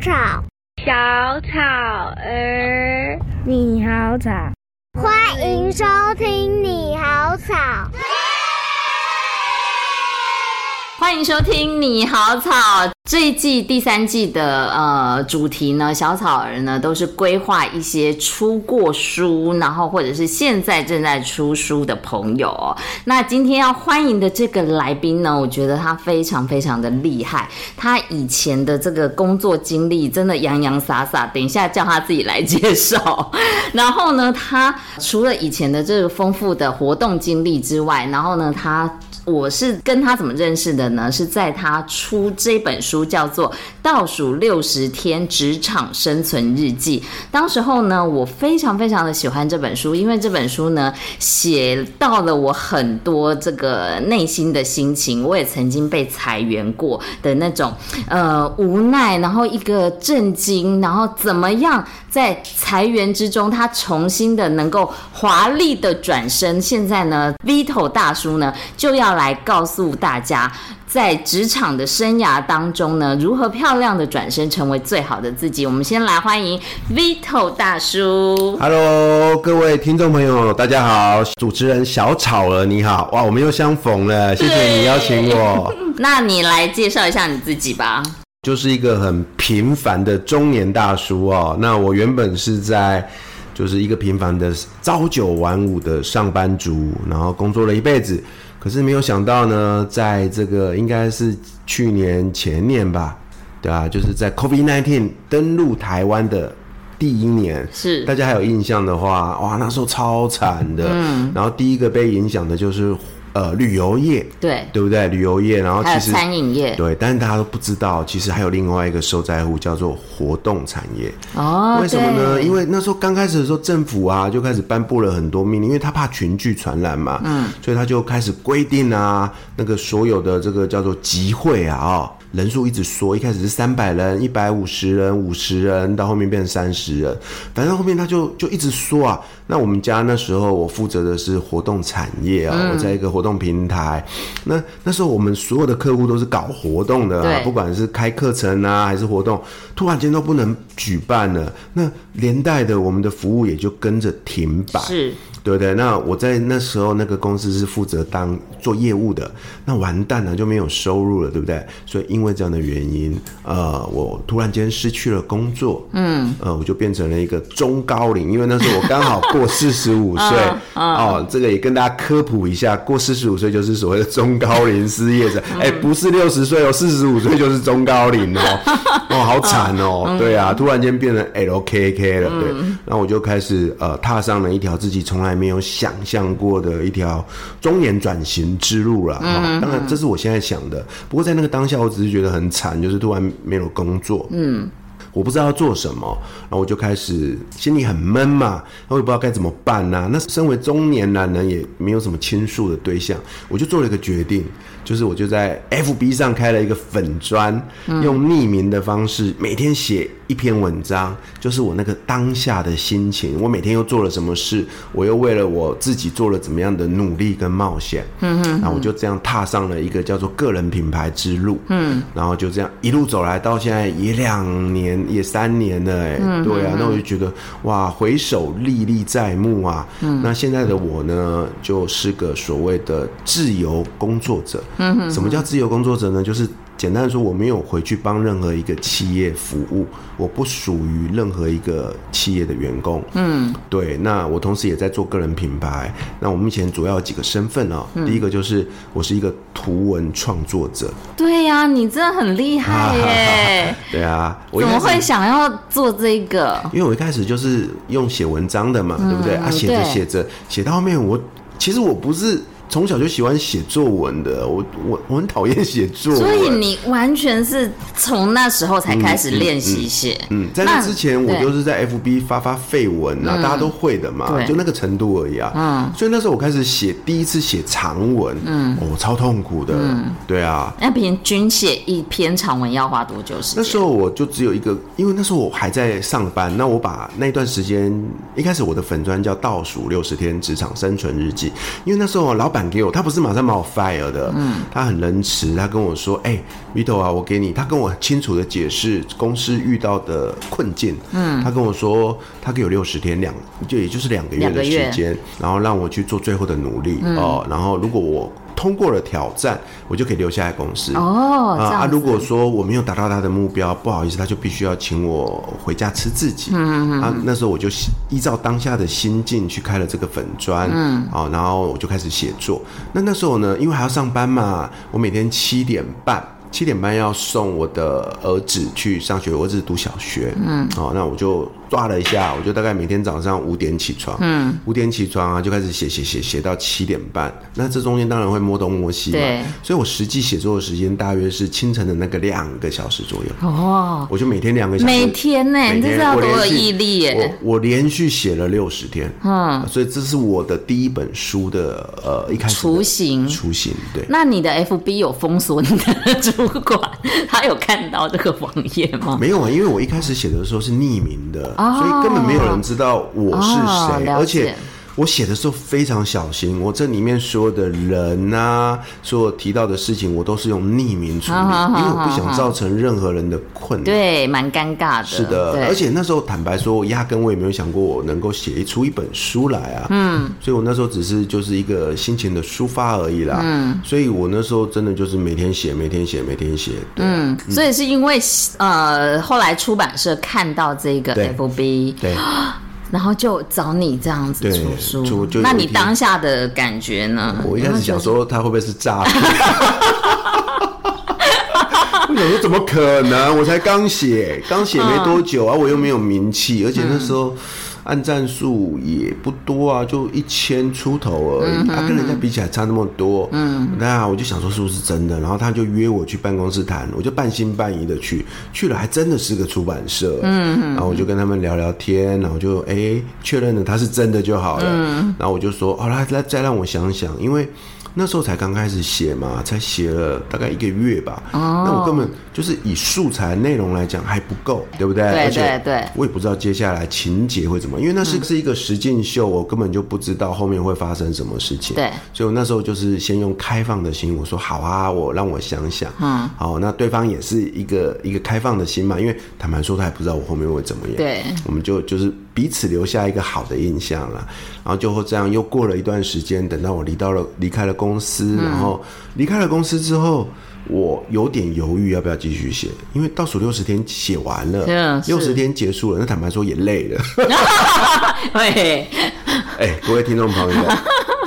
草，小草兒，你好草，歡迎收聽你好草，歡迎收聽你好草。這一季第三季的呃主題呢，小草兒呢都是規劃一些出過書，然後或者是現在正在出書的朋友。那今天要歡迎的這個來賓呢，我覺得他非常非常的厲害。他以前的這個工作經歷真的洋洋灑灑。等一下叫他自己來介紹。 然後呢，他除了以前的這個豐富的活動經歷之外，然後呢，他我是跟他怎麼認識的呢？是在他出這本書。書叫做《倒數60天職場生存日記》。當時候呢，我非常非常的喜歡這本書，因為這本書呢，寫到了我很多這個內心的心情。我也曾經被裁員過的那種呃無奈，然後一個震驚，然後怎麼樣在裁員之中，他重新的能夠華麗的轉身。現在呢，Vito 大叔呢就要來告訴大家。在職場的生涯當中呢，如何漂亮的轉身成為最好的自己？我們先來歡迎 Vito 大叔。Hello，各位聽眾朋友，大家好！主持人小草兒，你好！哇，我們又相逢了，謝謝你邀請我。 那你來介紹一下你自己吧。就是一個很平凡的中年大叔哦。那我原本是在就是一個平凡的朝九晚五的上班族，然後工作了一輩子。可是沒有想到呢，在這個應該是去年前年吧，對啊，就是在 COVID-19 登陸台灣的第一年，是大家還有印象的話，哇，那時候超慘的。嗯，然後第一個被影響的就是。呃，旅遊業對對不對？旅遊業，然後其實餐飲業對，但是大家都不知道，其實還有另外一個受災戶叫做活動產業哦。為什麼呢？因為那時候剛開始的時候，政府啊就開始頒布了很多命令，因為他怕群聚傳染嘛，嗯，所以他就開始規定啊，那個所有的這個叫做集會啊、哦，啊。人數一直縮，一開始是三百人、一百五十人、五十人，到後面變成三十人。反正後面他就就一直縮啊。那我們家那時候我負責的是活動產業啊、嗯，我在一個活動平台。那那時候我們所有的客戶都是搞活動的、啊，不管是開課程啊還是活動，突然間都不能舉辦了。那連帶的，我們的服務也就跟着停擺。是。對不對？那我在那時候那個公司是負責當做業務的，那完蛋了，就沒有收入了，對不對？所以因為這樣的原因，呃，我突然間失去了工作，嗯，呃，我就變成了一個中高齡，因為那時候我剛好過四十五歲，哦、 啊啊呃，這個也跟大家科普一下，過四十五歲就是所謂的中高齡失業者，哎、嗯，不是六十歲哦，四十五歲就是中高齡哦，嗯、哦，好慘哦、嗯，對啊，突然間變成 LKK 了，嗯、對，那我就開始呃踏上了一條自己從來沒有想象過的一條中年轉型之路了，嗯嗯嗯，當然這是我現在想的。不過在那個當下，我只是覺得很慘，就是突然沒有工作，嗯，我不知道要做什麼，然後我就開始心裡很悶嘛，我也不知道該怎麼辦呢，啊。那身為中年男人，也沒有什麼傾訴的對象，我就做了一個決定。就是我就在 FB 上開了一個粉專，用匿名的方式每天寫一篇文章，就是我那個當下的心情，我每天又做了什麼事，我又為了我自己做了怎麼樣的努力跟冒險。嗯嗯，然後我就這樣踏上了一個叫做個人品牌之路。嗯，然後就這樣一路走來，到現在也兩年也三年了，欸，哎，對啊，那我就覺得哇，回首歷歷在目啊。嗯，那現在的我呢，就是個所謂的自由工作者。嗯，什麼叫自由工作者呢？就是簡單的說，我沒有回去幫任何一個企業服務，我不屬於任何一個企業的員工。嗯，對。那我同時也在做個人品牌。那我目前主要有幾個身份哦、喔嗯，第一個就是我是一個圖文創作者。對呀、啊，你真的很厲害耶！啊對啊我，怎麼會想要做這個？因為我一開始就是用寫文章的嘛、嗯，對不對？啊寫著寫著，寫着寫着，寫到後面我其實我不是。從小就喜歡寫作文的，我我我很討厭寫作文，所以你完全是從那時候才開始練習寫，嗯，在那之前那我就是在 FB 發發廢文啊、嗯，大家都會的嘛，就那個程度而已啊，嗯，所以那時候我開始寫第一次寫長文，嗯，哦，超痛苦的，嗯，對啊，那平均寫一篇長文要花多久時間？那時候我就只有一個，因為那時候我還在上班，嗯、那我把那段時間一開始我的粉專叫倒數六十天職場生存日記，因為那時候我老。給我，他不是馬上把我 fire 的，嗯，他很仁慈，他跟我說，哎、欸、，Vito 啊，我給你，他跟我清楚的解釋公司遇到的困境，嗯，他跟我說，他給我六十天兩，就也就是兩個月的時間，然後讓我去做最後的努力，嗯、哦，然後如果我。通過了挑戰，我就可以留下來公司哦、oh,。啊，如果說我沒有達到他的目標，不好意思，他就必須要請我回家吃自己。Mm -hmm. 啊，那時候我就依照當下的心境去開了這個粉專，嗯、mm -hmm. 啊，然後我就開始寫作。那那時候呢，因為還要上班嘛，我每天七點半，七點半要送我的兒子去上學，我兒子讀小學，嗯、mm -hmm. 啊，那我就。抓了一下，我就大概每天早上五點起床，嗯，五點起床啊，就開始寫寫寫寫到七點半。那這中間當然會摸東摸西嘛，對，所以我實際寫作的時間大約是清晨的那個兩個小時左右。哦，我就每天兩個小時，每天呢、欸，這是要多有毅力耶！我我連續寫、欸、了六十天，嗯，所以這是我的第一本書的呃，一開始雛形，雛形對。那你的 FB 有封鎖你的主管，他有看到這個網頁嗎？沒有啊，因為我一開始寫的時候是匿名的。所以根本沒有人知道我是誰，哦哦，而且。我寫的時候非常小心，我這裡面所有的人吶、啊，所有提到的事情，我都是用匿名處理，因為我不想造成任何人的困難。對，蠻尷尬的。是的，而且那時候坦白說，我壓根我也沒有想過我能夠寫出一本書來啊。嗯，所以我那時候只是就是一個心情的抒發而已啦。嗯，所以我那時候真的就是每天寫，每天寫，每天寫。嗯，所以是因為呃，後來出版社看到這個 FB，對，對。然後就找你這樣子出書，那你當下的感覺呢？我一開始想說他會不會是詐騙？ 我想說怎麼可能？我才剛寫，剛寫沒多久啊，我又沒有名氣，嗯、而且那時候。按讚數也不多啊，就一千出頭而已。他、嗯啊、跟人家比起來差那麼多。嗯，那我就想說是不是真的？然後他就約我去辦公室談，我就半信半疑的去，去了還真的是個出版社。嗯然後我就跟他們聊聊天，然後就誒確、欸、認了他是真的就好了。嗯然後我就說好啦，那、哦、再讓我想想，因為。那時候才剛開始寫嘛，才寫了大概一個月吧。Oh. 那我根本就是以素材內容來講還不夠，對不對？對對對。而且我也不知道接下來情節會怎麼，因為那時是一個實境秀，嗯，我根本就不知道後面會發生什麼事情。對。所以我那時候就是先用開放的心，我說好啊，我讓我想想。嗯。好，那對方也是一個一個開放的心嘛，因為坦白說，他還不知道我後面會怎麼樣。對。我們就就是。彼此留下一個好的印象了，然後就會這樣又過了一段時間，等到我離到了離開了公司，嗯，然後離開了公司之後，我有點猶豫要不要繼續寫，因為倒數六十天寫完了，嗯、六十天結束了，那坦白說也累了。 哎，各位聽眾朋友們。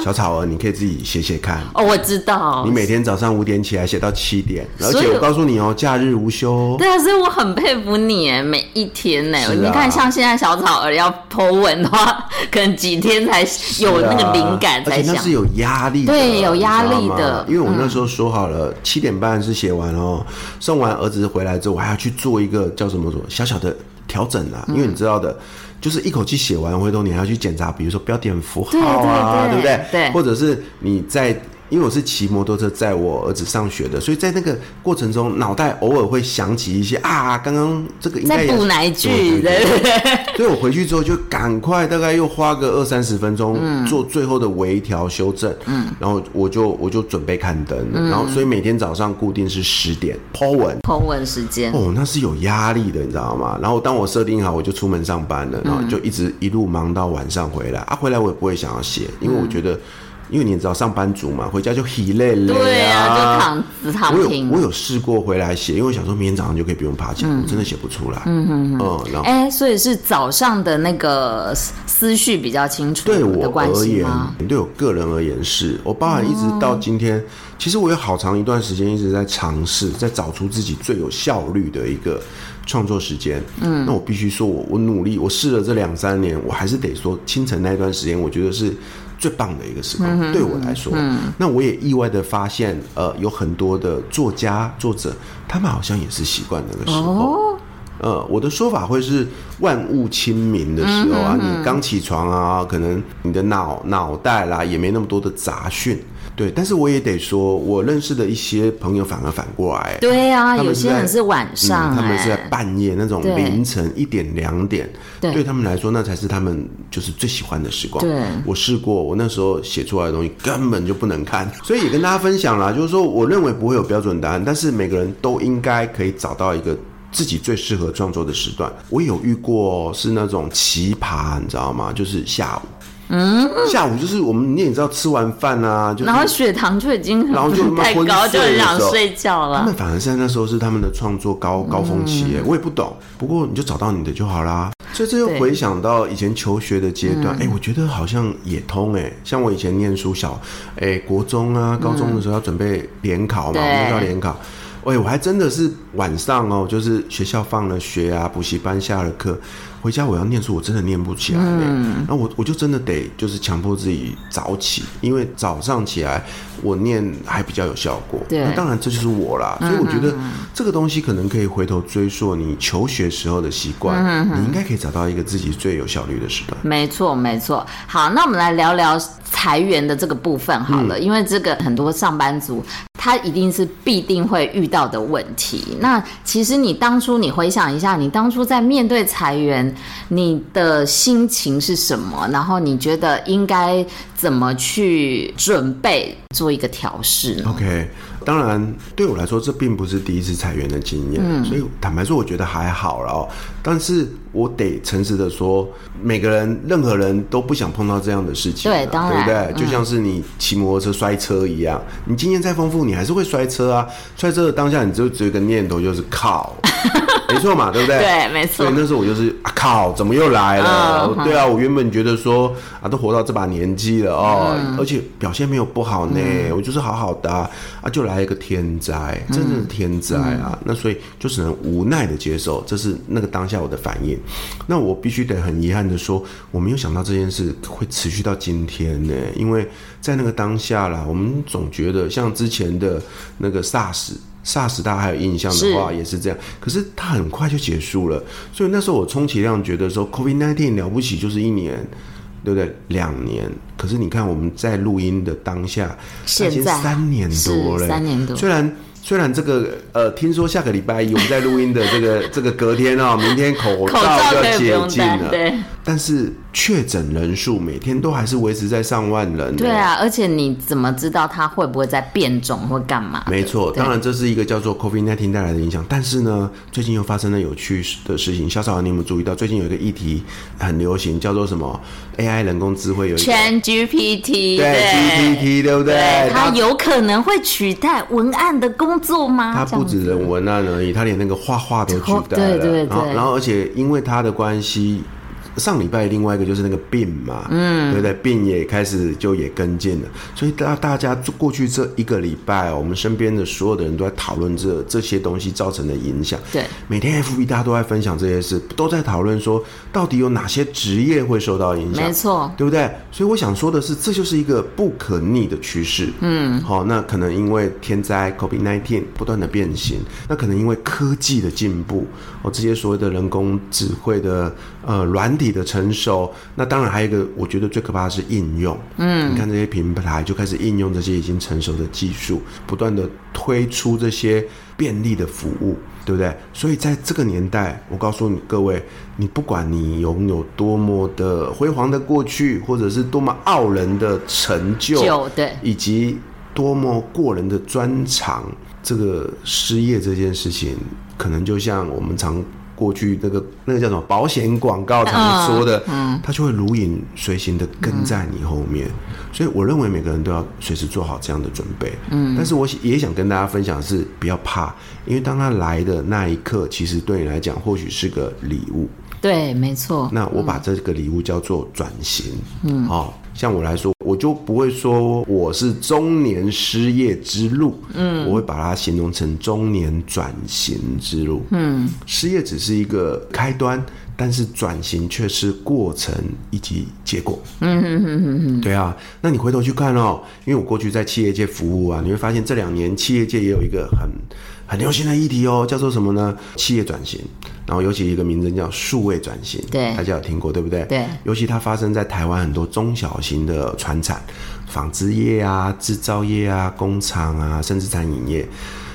小草兒，你可以自己寫寫看。哦，我知道。你每天早上五點起來寫到七點，而且我告訴你哦，假日無休。對啊，所以我很佩服你哎，每一天哎，你、啊、看像現在小草兒要 PO 文的話，可能幾天才有那個靈感才、啊，而且那是有壓力的，對，有壓力的。嗯、因為我那時候說好了，七點半是寫完哦，送完兒子回來之後，我還要去做一個叫什麼什麼小小的調整啊、嗯，因為你知道的。就是一口氣寫完，回頭你還要去檢查，比如說標點符號啊，對，對，對不對？對，對，或者是你在。因為我是騎摩托車載我兒子上學的，所以在那個過程中，腦袋偶爾會想起一些啊，剛剛這個應該在補哪一句對，對，對，對，所以我回去之後就趕快，大概又花個二三十分鐘做最後的微調修正，嗯，然後我就我就準備看燈、嗯，然後所以每天早上固定是十點 PO 文 PO 文時間，哦、oh,，那是有壓力的，你知道嗎？然後當我設定好，我就出門上班了，然後就一直一路忙到晚上回來、嗯、啊，回來我也不會想要寫，因為我覺得。因為你也知道上班族嘛，回家就累累了。對啊，就躺，死躺平。我有試過回來寫，因為我想說明天早上就可以不用爬起來，我真的寫不出來。嗯嗯嗯，然、嗯、後，哎、嗯，所以是早上的那個思緒比較清楚。對我而言的關係，對我個人而言是，我包含一直到今天、嗯，其實我有好長一段時間一直在嘗試，在找出自己最有效率的一個創作時間。嗯，那我必須說我我努力，我試了這兩三年，我還是得說清晨那一段時間，我覺得是。最棒的一個時候，哦，對我來說，嗯嗯，那我也意外的發現，呃，有很多的作家作者，他們好像也是習慣那個時候，哦，呃，我的說法會是萬物清明的時候啊，嗯、你剛起床啊，可能你的腦腦袋啦也沒那麼多的雜訊。對，但是我也得說，我認識的一些朋友反而反過來、欸。對啊，有些人是晚上、欸、嗯，他們是在半夜那種凌晨一點兩點，對，對他們來說那才是他們就是最喜歡的時光。對，我試過，我那時候寫出來的東西根本就不能看，所以也跟大家分享啦。 就是說我認為不會有標準答案，但是每個人都應該可以找到一個自己最適合創作的時段。我有遇過是那種奇葩，你知道嗎？就是下午。嗯，下午就是我們你也知道，吃完飯啊就，然後血糖就已經很高然後就太高，就很想睡覺了。那反而是在那時候是他們的創作高、嗯、高峰期、欸，我也不懂。不過你就找到你的就好啦。所以這又回想到以前求學的階段，哎、欸，我覺得好像也通哎、欸。像我以前念書小，哎、欸，國中啊、高中的時候要準備聯考嘛，嗯、我們要聯考。誒、欸，我還真的是晚上哦，就是學校放了學啊，補習班下了課。回家我要念書，我真的念不起來。嗯，那我我就真的得就是強迫自己早起，因為早上起來我念還比較有效果。對，那當然這就是我啦，所以我覺得這個東西可能可以回頭追溯你求學時候的習慣，嗯，你應該可以找到一個自己最有效率的時段。沒錯，沒錯。好，那我們來聊聊裁員的這個部分好了，嗯，因為這個很多上班族。他一定是必定會遇到的問題。那其實你當初你回想一下，你當初在面對裁員，你的心情是什麼？然後你覺得應該怎麼去準備做一個調適？OK。當然，對我來說，這並不是第一次裁員的經驗，所以坦白說，我覺得還好了。但是，我得誠實的說，每個人，任何人都不想碰到這樣的事情啊，對，對不對？就像是你騎摩托車摔車一樣，嗯，你經驗再豐富，你還是會摔車啊！摔車的當下，你就只有一個念頭，就是靠。 沒錯嘛，對不對？對，沒錯。所以那時候我就是、啊，靠，怎麼又來了、嗯？對啊，我原本覺得說，啊，都活到這把年紀了哦、嗯，而且表現沒有不好呢，嗯、我就是好好的啊，啊，就來一個天災，真的是天災啊、嗯！那所以就只能無奈的接受，這是那個當下我的反應。嗯、那我必須得很遺憾的說，我沒有想到這件事會持續到今天呢、欸，因為在那個當下啦，我們總覺得像之前的那個 SARS。薩斯大家還有印象的話，也是這樣。是，可是它很快就結束了，所以那時候我充其量覺得說，COVID-19 了不起就是一年，對不對？兩年。可是你看我們在錄音的當下，已經三年多了，三年多。雖然雖然這個呃，聽說下個禮拜一我們在錄音的這個 這個隔天哦，明天口罩要解禁了。對。但是確診人數每天都還是維持在上萬人。對啊，而且你怎麼知道它會不會在變種或幹嘛？沒錯，當然這是一個叫做 COVID-19 帶來的影響。但是呢，最近又發生了有趣的事情。小少，你有沒有注意到？最近有一個議題很流行，叫做什麼？AI 人工智慧有 Chat GPT，對 GPT，對不對？它有可能會取代文案的工作嗎？它不只人文案而已，它連那個畫畫都取代了。對對對，然後，然後，而且因為它的關係。上禮拜另外一個就是那個病嘛，嗯，對不對？病也開始就也跟進了，所以大大家過去這一個禮拜，哦，我們身邊的所有的人都在討論這這些東西造成的影響。對，每天 FB 大家都在分享這些事，都在討論說到底有哪些職業會受到影響？沒錯，對不對？所以我想說的是，這就是一個不可逆的趨勢。嗯，好，哦，那可能因為天災 COVID-19 不斷的變形，那可能因為科技的進步，哦，這些所謂的人工智慧的呃軟體。的成熟，那當然還有一個，我覺得最可怕的是應用。嗯，你看這些平台就開始應用這些已經成熟的技術，不斷的推出這些便利的服務，對不對？所以在這個年代，我告訴你各位，你不管你擁有多麼的輝煌的過去，或者是多麼傲人的成就，就對，以及多麼過人的專長，這個失業這件事情，可能就像我們常。過去那個那個叫什麼保險廣告他們說的，嗯，他就會如影隨形的跟在你後面，所以我認為每個人都要隨時做好這樣的準備，嗯。但是我也想跟大家分享的是不要怕，因為當他來的那一刻，其實對你來講或許是個禮物，對，沒錯。那我把這個禮物叫做轉型，嗯，哦，像我來說，我就不會說我是中年失業之路，嗯，我會把它形容成中年轉型之路，嗯，失業只是一個開端，但是轉型卻是過程以及結果，嗯嗯，對啊，那你回頭去看哦，因為我過去在企業界服務啊，你會發現這兩年企業界也有一個很很流行的議題哦，叫做什麼呢？企業轉型，然後尤其一個名字叫數位轉型，對，大家有聽過對不對？對，尤其它發生在台灣很多中小型的傳產、紡織業啊、製造業啊、工廠啊，甚至餐飲業，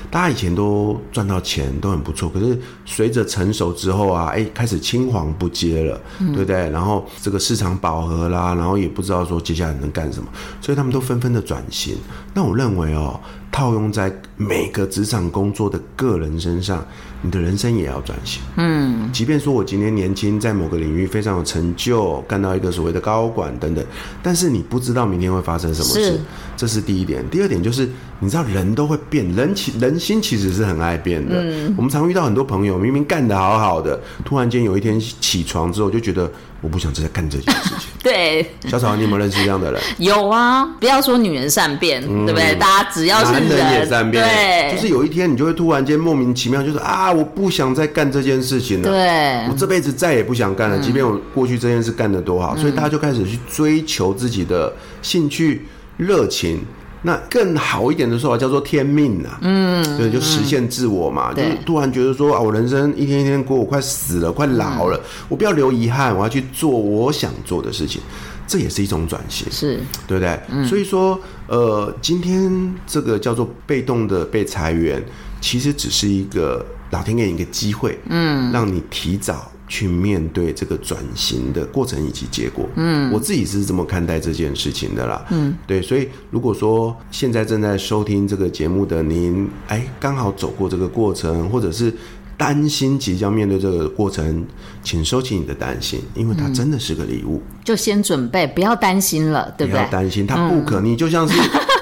大家以前都賺到錢，都很不錯。可是隨着成熟之後啊，哎、欸，開始青黃不接了，嗯，對不對？然後這個市場飽和啦，然後也不知道說接下來能幹什麼，所以他們都紛紛的轉型。那我認為哦。套用在每個職場工作的個人身上，你的人生也要轉型。嗯，即便說我今天年輕，在某個領域非常有成就，幹到一個所謂的高管等等，但是你不知道明天會發生什麼事，是這是第一點。第二點就是，你知道人都會變，人其人心其實是很愛變的。嗯。我們常遇到很多朋友，明明幹得好好的，突然間有一天起床之後就覺得。我不想再幹這件事情。 對，小草，你有沒有認識這樣的人？ 有啊，不要說女人善變，嗯，對不對？大家只要是人，男人也善變，對，就是有一天你就會突然間莫名其妙，就是啊，我不想再幹這件事情了。對，我這輩子再也不想幹了，嗯，即便我過去這件事幹得多好，所以大家就開始去追求自己的興趣、熱情。嗯。熱情那更好一點的時候、啊、叫做天命啊，嗯，對、就是，就實現自我嘛，嗯、就是、突然覺得說啊，我人生一天一天過，我快死了，快老了、嗯，我不要留遺憾，我要去做我想做的事情，這也是一種轉型，是對不對、嗯？所以說，呃，今天這個叫做被動的被裁員，其實只是一個老天給你一個機會，嗯，讓你提早。去面對這個轉型的過程以及結果。嗯，我自己是這麼看待這件事情的啦。嗯，對，所以如果說現在正在收聽這個節目的您，哎，剛好走過這個過程，或者是擔心即將面對這個過程，請收起你的擔心，因為它真的是個禮物。嗯、就先準備，不要擔心了，對不對？不要擔心，它不可逆，嗯、你就像是，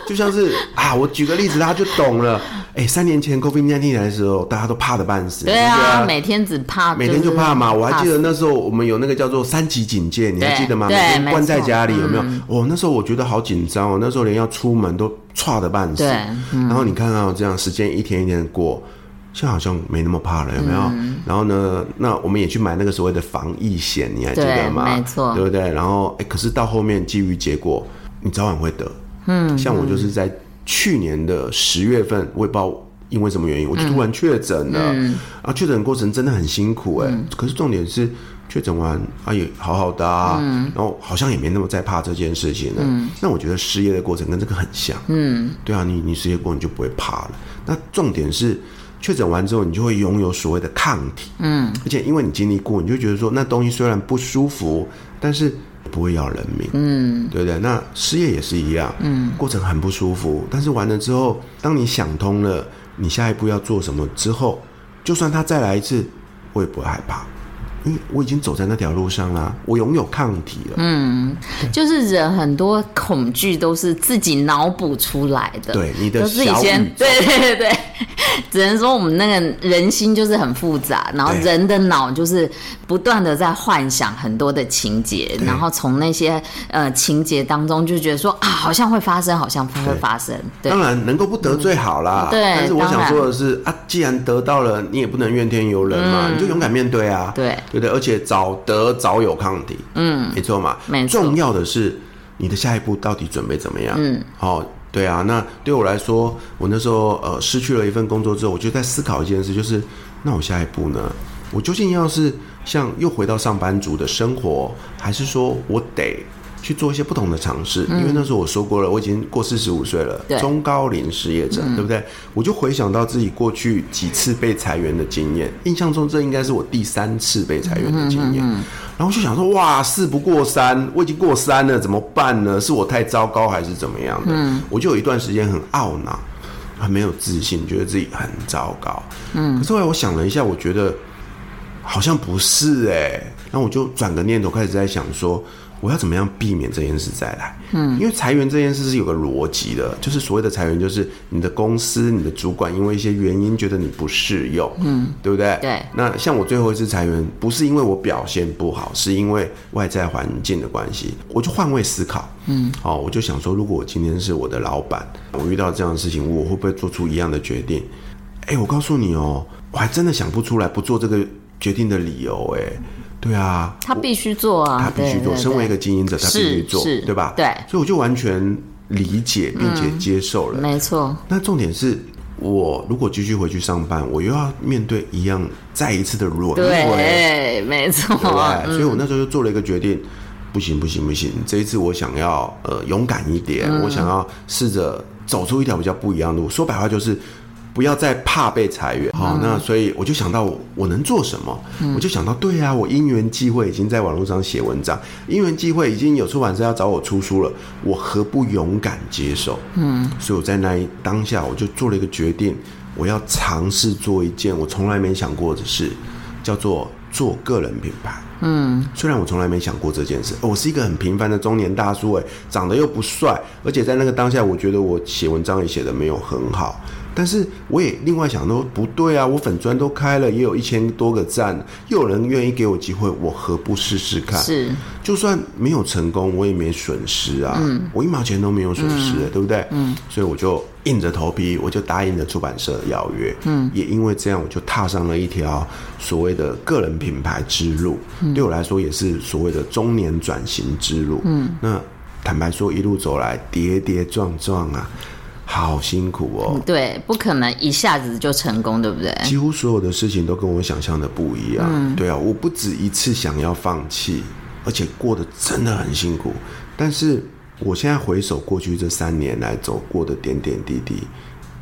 就像是 啊，我舉個例子，他就懂了。 哎、欸，三年前 COVID-19 來的時候，大家都怕的半死對、啊。對啊，每天只怕。每天就怕嘛、就是，我還記得那時候我們有那個叫做三級警戒，你還記得嗎？對，關在家裡沒有沒有？哦，那時候我覺得好緊張哦、嗯，那時候連要出門都怕的半死。對、嗯。然後你看到這樣，時間一天一天的過，現在好像沒那麼怕了，有沒有、嗯？然後呢，那我們也去買那個所謂的防疫險，你還記得嗎？沒錯，對不對，對？然後哎、欸，可是到後面基於結果，你早晚會得。嗯。像我就是在。去年的十月份，我也不知道因為什麼原因，我就突然確診了。嗯。啊、嗯、確診過程真的很辛苦，哎、欸。嗯。可是重點是確診完，哎、啊、也好好的、啊。嗯。然後好像也沒那麼再怕這件事情了。嗯。那我覺得失業的過程跟這個很像。嗯。對啊，你你失業過你就不會怕了。嗯、那重點是確診完之後，你就會擁有所謂的抗體。嗯。而且因為你經歷過，你就覺得說那東西雖然不舒服，但是。不會要人命，嗯，對不對？那失業也是一樣，嗯，過程很不舒服，嗯，但是完了之後，當你想通了，你下一步要做什麼之後，就算他再來一次，我也不會害怕。嗯，我已經走在那條路上了，我擁有抗體了。嗯，就是人很多恐懼都是自己腦補出來的。對，你的都是自己先。對對對對，只能說我們那個人心就是很複雜，然後人的腦就是不斷的在幻想很多的情節，然後從那些呃情節當中就覺得說啊，好像會發生，好像不會發生。對對，當然能夠不得最好啦，嗯。對。但是我想說的是啊，既然得到了，你也不能怨天尤人嘛，嗯，你就勇敢面對啊。對。對的，而且早得早有抗體，嗯，沒錯嘛，重要的是你的下一步到底準備怎麼樣？嗯，哦，對啊，那對我來說，我那時候呃失去了一份工作之後，我就在思考一件事，就是那我下一步呢，我究竟要是像又回到上班族的生活，還是說我得。去做一些不同的嘗試、嗯，因為那時候我說過了，我已經過四十五歲了，中高齡失業者、嗯，對不對？我就回想到自己過去幾次被裁員的經驗，印象中這應該是我第三次被裁員的經驗、嗯嗯嗯，然後就想說，哇，事不過三，我已經過三了，怎麼辦呢？是我太糟糕還是怎麼樣的？嗯、我就有一段時間很懊惱，很沒有自信，覺得自己很糟糕。嗯，可是後來我想了一下，我覺得好像不是哎、欸，然後我就轉個念頭，開始在想說。我要怎麼樣避免這件事再來？嗯，因為裁員這件事是有個邏輯的，就是所謂的裁員，就是你的公司、你的主管因為一些原因覺得你不適用，嗯，對不對？對。那像我最後一次裁員，不是因為我表現不好，是因為外在環境的關係。我就換位思考，嗯，哦，我就想說，如果我今天是我的老闆，我遇到這樣的事情，我會不會做出一樣的決定？哎、欸，我告訴你哦，我還真的想不出來不做這個決定的理由、欸，哎。對啊，他必須做啊，他必須做對對對。身為一個經營者，他必須做對對對，對吧？對，所以我就完全理解並且接受了，嗯、沒錯。那重點是，我如果繼續回去上班，我又要面對一樣再一次的輪迴。對，沒錯、欸。對，沒錯對，所以我那時候就做了一個決定、嗯：，不行，不行，不行！這一次我想要呃勇敢一點，嗯、我想要試着走出一條比較不一樣的路。說白話就是。不要再怕被裁員，好、嗯哦，那所以我就想到我，我能做什麼、嗯，我就想到，對呀、啊，我因緣際會已經在網絡上寫文章，因緣際會已經有出版社要找我出書了，我何不勇敢接受？嗯，所以我在那一當下，我就做了一個決定，我要嘗試做一件我從來沒想過的事，叫做做個人品牌。嗯，雖然我從來沒想過這件事、哦，我是一個很平凡的中年大叔、欸，誒，長得又不帥，而且在那個當下，我覺得我寫文章也寫得沒有很好。但是我也另外想都不對啊！我粉專都開了，也有一千多個讚，又有人願意給我機會，我何不試試看？是，就算沒有成功，我也沒損失啊、嗯！我一毛錢都沒有損失、欸嗯，對不對？嗯，所以我就硬着頭皮，我就答應了出版社的邀約。嗯，也因為這樣，我就踏上了一條所謂的個人品牌之路。嗯、對我來說，也是所謂的中年轉型之路。嗯，那坦白說，一路走來，跌跌撞撞啊。好辛苦哦！對，不可能一下子就成功，對不對？幾乎所有的事情都跟我想象的不一樣。嗯。對啊，我不止一次想要放棄，而且過得真的很辛苦。但是我現在回首過去這三年來走過的點點滴滴，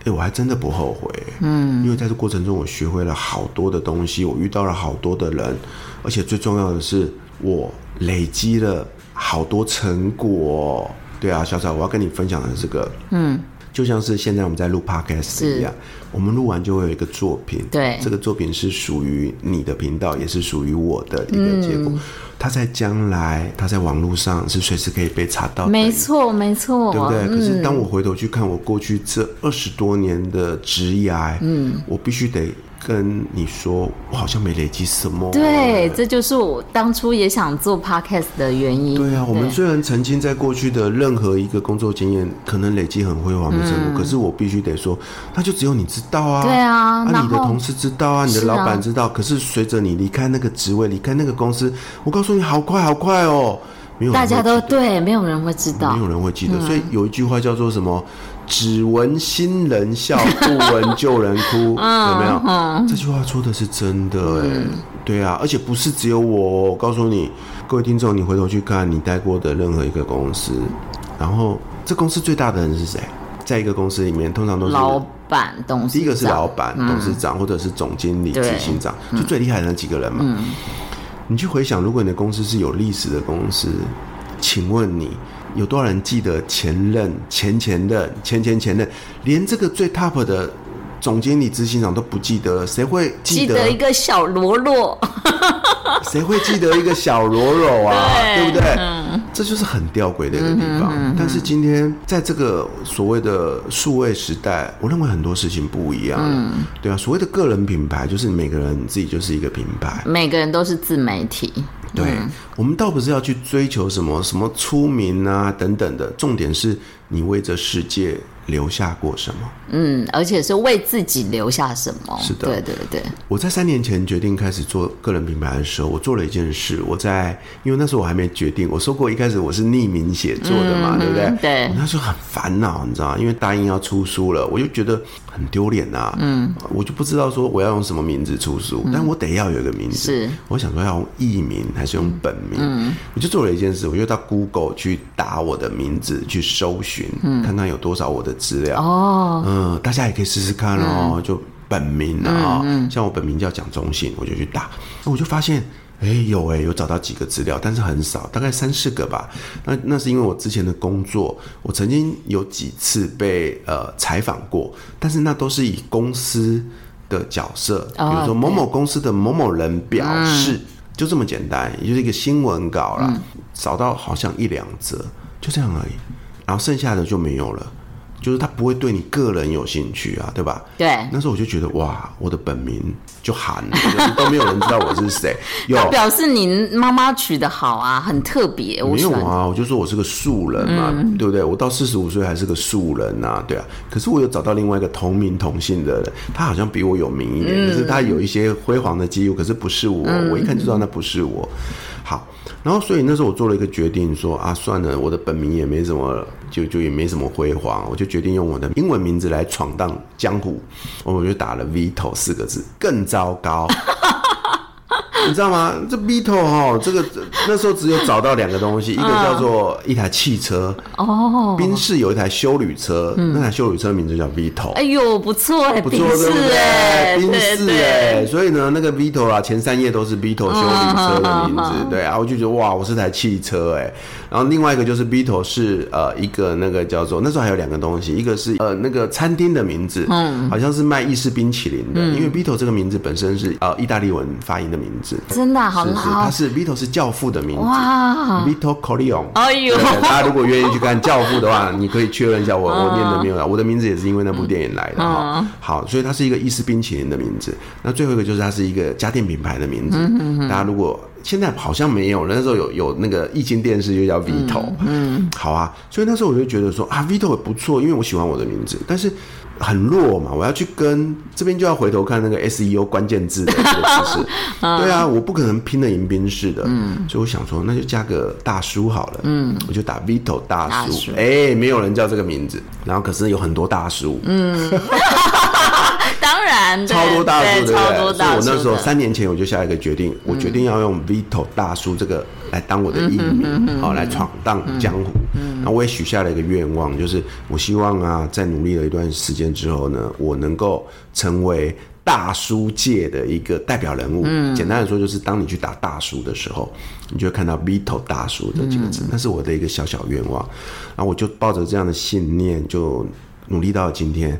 哎，我還真的不後悔。嗯，因為在這過程中我學會了好多的東西，我遇到了好多的人，而且最重要的是，我累積了好多成果哦。對啊，小草，我要跟你分享的這個，嗯。就像是現在我們在錄 Podcast 一樣，我們錄完就會有一個作品。對，這個作品是屬於你的頻道，也是屬於我的一個結果。嗯、它在將來，它在網絡上是隨時可以被查到的。沒錯，沒錯，對不對、嗯？可是當我回頭去看我過去這二十多年的職涯，嗯，我必須得。跟你說，我好像沒累積什麼。對，這就是我當初也想做 Podcast 的原因。對啊，對，我們雖然曾經在過去的任何一個工作經驗，可能累積很輝煌的成果，可是我必須得說，那就只有你知道啊，對啊，啊你的同事知道啊，你的老闆知道，是啊、可是隨着你離開那個職位，離開那個公司，我告訴你，好快，好快哦沒有，大家都對，沒有人會知道，沒有人會記得。嗯、所以有一句話叫做什麼？只聞新人笑，不聞舊人哭， 有沒有、 嗯？這句話說的是真的哎、欸嗯，對啊，而且不是只有我、哦，我告訴你，各位聽眾，你回頭去看你待過的任何一個公司，然後這公司最大的人是誰？在一個公司裡面，通常都是老闆董事，第一個是老闆、嗯、董事長或者是總經理執行長，就最厲害的那幾個人嘛、嗯。你去回想，如果你的公司是有歷史的公司，請問你？有多少人記得前任、前前任、前前前任，連這個最 top 的總經理、執行長都不記得，誰會， 會記得一個小嘍囉，誰會記得一個小嘍囉啊，對，對不對？嗯、這就是很吊詭的一個地方、嗯哼哼哼。但是今天在這個所謂的數位時代，我認為很多事情不一樣了。嗯、對啊，所謂的個人品牌，就是每個人自己就是一個品牌，每個人都是自媒體。對，嗯，我們倒不是要去追求什麼什麼出名啊等等的，重點是你為這世界留下過什麼？嗯，而且是為自己留下什麼？是的，對對對。我在三年前決定開始做個人品牌的時候，我做了一件事。我在，因為那時候我還沒決定，我說過一開始我是匿名寫作的嘛，嗯嗯，對不對？對。我那時候很煩惱，你知道，因為答應要出書了，我就覺得很丟臉吶。嗯，我就不知道說我要用什麼名字出書，嗯、但我得要有一個名字。是、嗯。我想說要用藝名還是用本名嗯嗯？我就做了一件事，我就到 Google 去打我的名字去搜尋、嗯，看看有多少我的資料哦，嗯，大家也可以試試看哦、嗯。就本名啊、哦嗯嗯，像我本名叫蔣中信，我就去打，我就發現，哎、欸，有哎、欸，有找到幾個資料，但是很少，大概三四個吧。那那是因為我之前的工作，我曾經有幾次被呃採訪過，但是那都是以公司的角色、哦，比如說某某公司的某某人表示，嗯、就這麼簡單，也就是一個新聞稿啦、嗯，找到好像一兩則，就這樣而已，然後剩下的就沒有了。就是他不會對你個人有興趣啊，對吧？對。那時候我就覺得哇，我的本名就寒了，都沒有人知道我是誰。有 表示您媽媽取得好啊，很特別。我沒有啊我，我就說我是個素人嘛，嗯、對不對？我到四十五歲還是個素人吶、啊，對啊。可是我又找到另外一個同名同姓的人，他好像比我有名一點，嗯、可是他有一些輝煌的記錄，可是不是我、嗯，我一看就知道那不是我。好。然後，所以那時候我做了一個決定說，說啊，算了，我的本名也沒什麼，就就也沒什麼輝煌，我就決定用我的英文名字來闖蕩江湖，我就打了 Vito 四個字，更糟糕。 你知道嗎？這 Vito 哈，這個那時候只有找到兩個東西，一個叫做一台汽車哦，賓、uh, 士、oh, 有一台休旅車，嗯、那台休旅車的名字叫 Vito 哎呦，不錯哎、欸欸欸，對不哎，賓士哎，所以呢，那個 Vito 啊，前三頁都是 Vito 休旅車的名字，uh, 對啊，對，然後我就覺得哇，我是台汽車哎、欸，然後另外一個就是 Vito 是呃一個那個叫做那時候還有兩個東西，一個是呃那個餐廳的名字，嗯，好像是賣意式冰淇淋的，嗯、因為 Vito 這個名字本身是呃意大利文發音的名字。真的、啊是是，好不好，他是 Vito 是教父的名字、wow、，Vito Corleone、oh,。Oh. 大家如果願意去看教父的話，oh. 你可以確認一下我、oh. 我念的沒有了、啊。我的名字也是因為那部電影來的哈、oh. 哦。好，所以它是一個意式冰淇淋的名字。那最後一個就是它是一個家電品牌的名字。Oh. 大家如果。現在好像沒有了。那時候有有那個液晶電視，就叫 Vito 嗯。嗯，好啊，所以那時候我就覺得說啊，Vito 也不錯，因為我喜歡我的名字。但是很弱嘛，我要去跟這邊就要回頭看那個 SEO 關鍵字的，這個姿勢。對啊，我不可能拼得贏賓士的。嗯，所以我想說那就加個大叔好了。嗯，我就打 Vito 大叔。哎、欸，沒有人叫這個名字，然後可是有很多大叔。嗯。 超多,對對超多大叔的，超多大我那時候三年前我就下一個決定，嗯、我決定要用 Vito 大叔這個來當我的藝名，好、嗯嗯嗯、來闖蕩江湖。那、嗯嗯、我也許下了一個願望，就是我希望啊，在努力了一段時間之後呢，我能夠成為大叔界的一個代表人物。嗯、簡單的說，就是當你去打大叔的時候，你就會看到 Vito 大叔這幾個字。那、嗯、是我的一個小小願望。然後我就抱着這樣的信念，就努力到今天。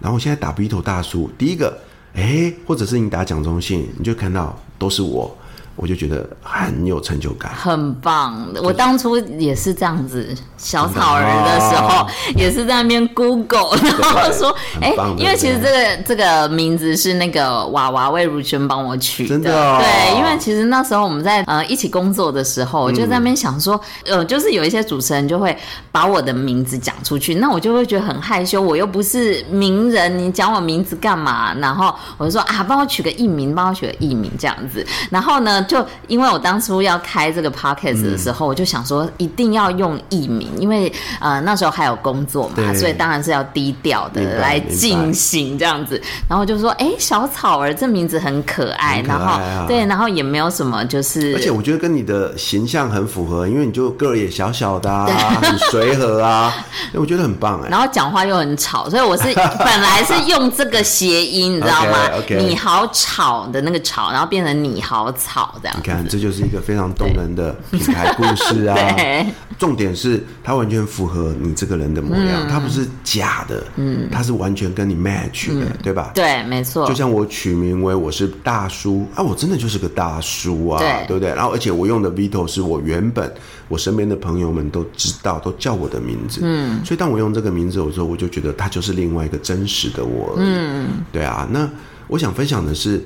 然後我現在打 Vito 大叔，第一個，哎，或者是你打蔣中信，你就看到都是我，我就覺得很有成就感，很棒。我當初也是這樣子。小草兒的時候也是在那邊 Google，然後說，哎，因為其實這個這個名字是那個娃娃魏如萱幫我取的，真的，對，因為其實那時候我們在呃一起工作的時候，我就在那邊想說，呃，就是有一些主持人就會把我的名字講出去，那我就會覺得很害羞，我又不是名人，你講我名字幹嘛？然後我就說啊，幫我取個藝名，幫我取個藝名這樣子。然後呢，就因為我當初要開這個 Podcast 的時候，我就想說一定要用藝名。因為呃那時候還有工作嘛，所以當然是要低調的來進行這樣子。然後就說，哎、欸，小草兒這名字很可愛，可愛啊、然後對，然後也沒有什麼就是，而且我覺得跟你的形象很符合，因為你就個兒也小小的、啊對，很隨和啊， 我覺得很棒哎、欸。然後講話又很吵，所以我是本來是用這個諧音， 你知道嗎 okay, okay？你好吵的那個吵，然後變成你好草這樣。你看，這就是一個非常動人的品牌故事啊。對 對重點是。它完全符合你這個人的模樣，嗯，它不是假的，嗯，它是完全跟你 match 的，嗯，對吧？對，沒錯。就像我取名為我是大叔，啊，我真的就是個大叔啊，對，對不對？然後，而且我用的 Vito 是我原本我身邊的朋友們都知道，都叫我的名字，嗯，所以當我用這個名字，有時候，我就覺得他就是另外一個真實的我，嗯，對啊。那我想分享的是。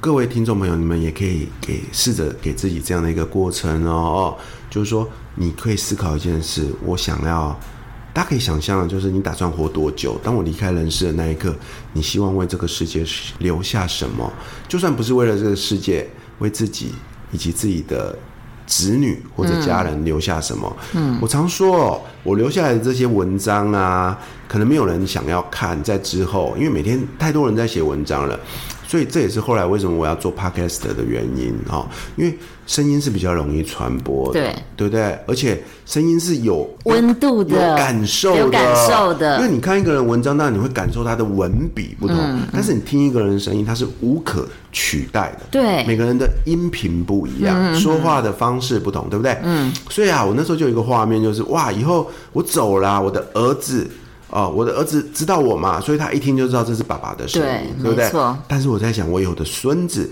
各位聽眾朋友，你們也可以給試着給自己這樣的一個過程哦。就是說，你可以思考一件事：我想要，大家可以想象的就是你打算活多久？當我離開人世的那一刻，你希望為這個世界留下什麼？就算不是為了這個世界，為自己以及自己的子女或者家人留下什麼？嗯，我常說，我留下來的這些文章啊，可能沒有人想要看，在之後，因為每天太多人在寫文章了。所以這也是後來為什麼我要做 Podcast 的原因啊，因為聲音是比較容易傳播的，對，對不對？而且聲音是有溫度的、有感受、有感受的。因為你看一個人文章，當然你會感受他的文筆不同，嗯、但是你聽一個人的聲音，他是無可取代的。對、嗯，每個人的音頻不一樣，嗯、說話的方式不同、嗯，對不對？嗯。所以啊，我那時候就有一個畫面，就是哇，以後我走了、啊，我的兒子。哦，我的兒子知道我嘛，所以他一聽就知道這是爸爸的聲音，對，對不對？但是我在想，我有的孫子，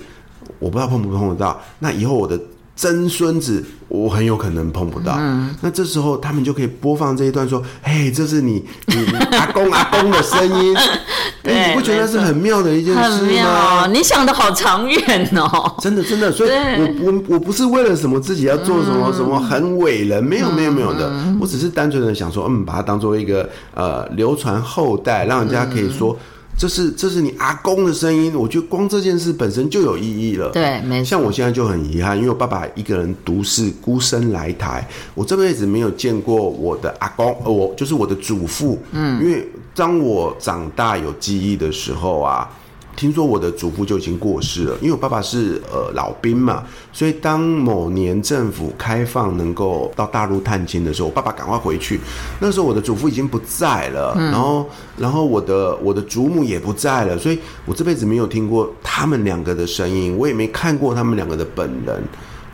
我不知道碰不碰得到。那以後我的。真孫子，我很有可能碰不到，嗯。那這時候他們就可以播放這一段說，說、嗯：“嘿，這是你你、你阿公阿公的聲音。 欸”對，你不覺得那是很妙的一件事嗎？很妙。哦，你想得好長遠哦。真的，真的，所以我我我不是為了什麼自己要做什麼什麼很偉人，嗯，沒有沒有沒有的，嗯，我只是單純的想說，嗯，把它當做一個呃，流傳後代，讓人家可以說。嗯這是這是你阿公的聲音，我覺得光這件事本身就有意義了。對，沒錯。像我現在就很遺憾，因為我爸爸一個人獨自孤身來台，我這輩子沒有見過我的阿公，嗯呃、我就是我的祖父。嗯，因為當我長大有記憶的時候啊。聽說我的祖父就已經過世了，因為我爸爸是呃老兵嘛，所以當某年政府開放能夠到大陸探親的時候，我爸爸趕快回去。那時候我的祖父已經不在了，然後然後我的我的祖母也不在了，所以我這輩子沒有聽過他們兩個的聲音，我也沒看過他們兩個的本人。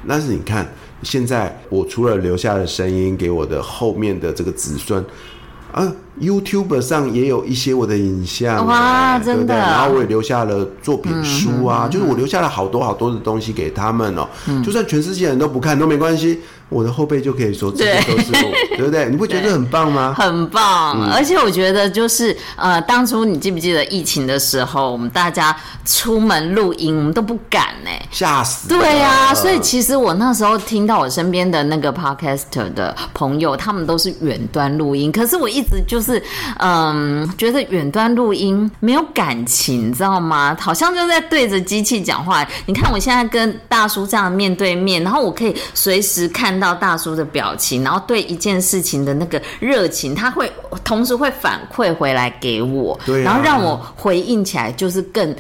但是你看，現在我除了留下了聲音給我的後面的這個子孫，啊。YouTube 上也有一些我的影像，哇對對，真的。然後我也留下了作品書啊、嗯，就是我留下了好多好多的東西給他們哦、嗯。就算全世界人都不看都沒關係，我的後輩就可以說這些都是我對，對不對？你不覺得很棒嗎？很棒、嗯，而且我覺得就是呃，當初你記不記得疫情的時候，我們大家出門錄音我們都不敢呢、欸，嚇死。對啊，所以其實我那時候聽到我身邊的那個 Podcast 的朋友，他們都是遠端錄音，可是我一直就是。就是，嗯，覺得遠端錄音沒有感情，你知道嗎？好像就在對着機器講話。你看，我現在跟大叔這樣面對面，然後我可以隨時看到大叔的表情，然後對一件事情的那個熱情，他會同時會反饋回來給我、啊，然後讓我回應起來，就是更。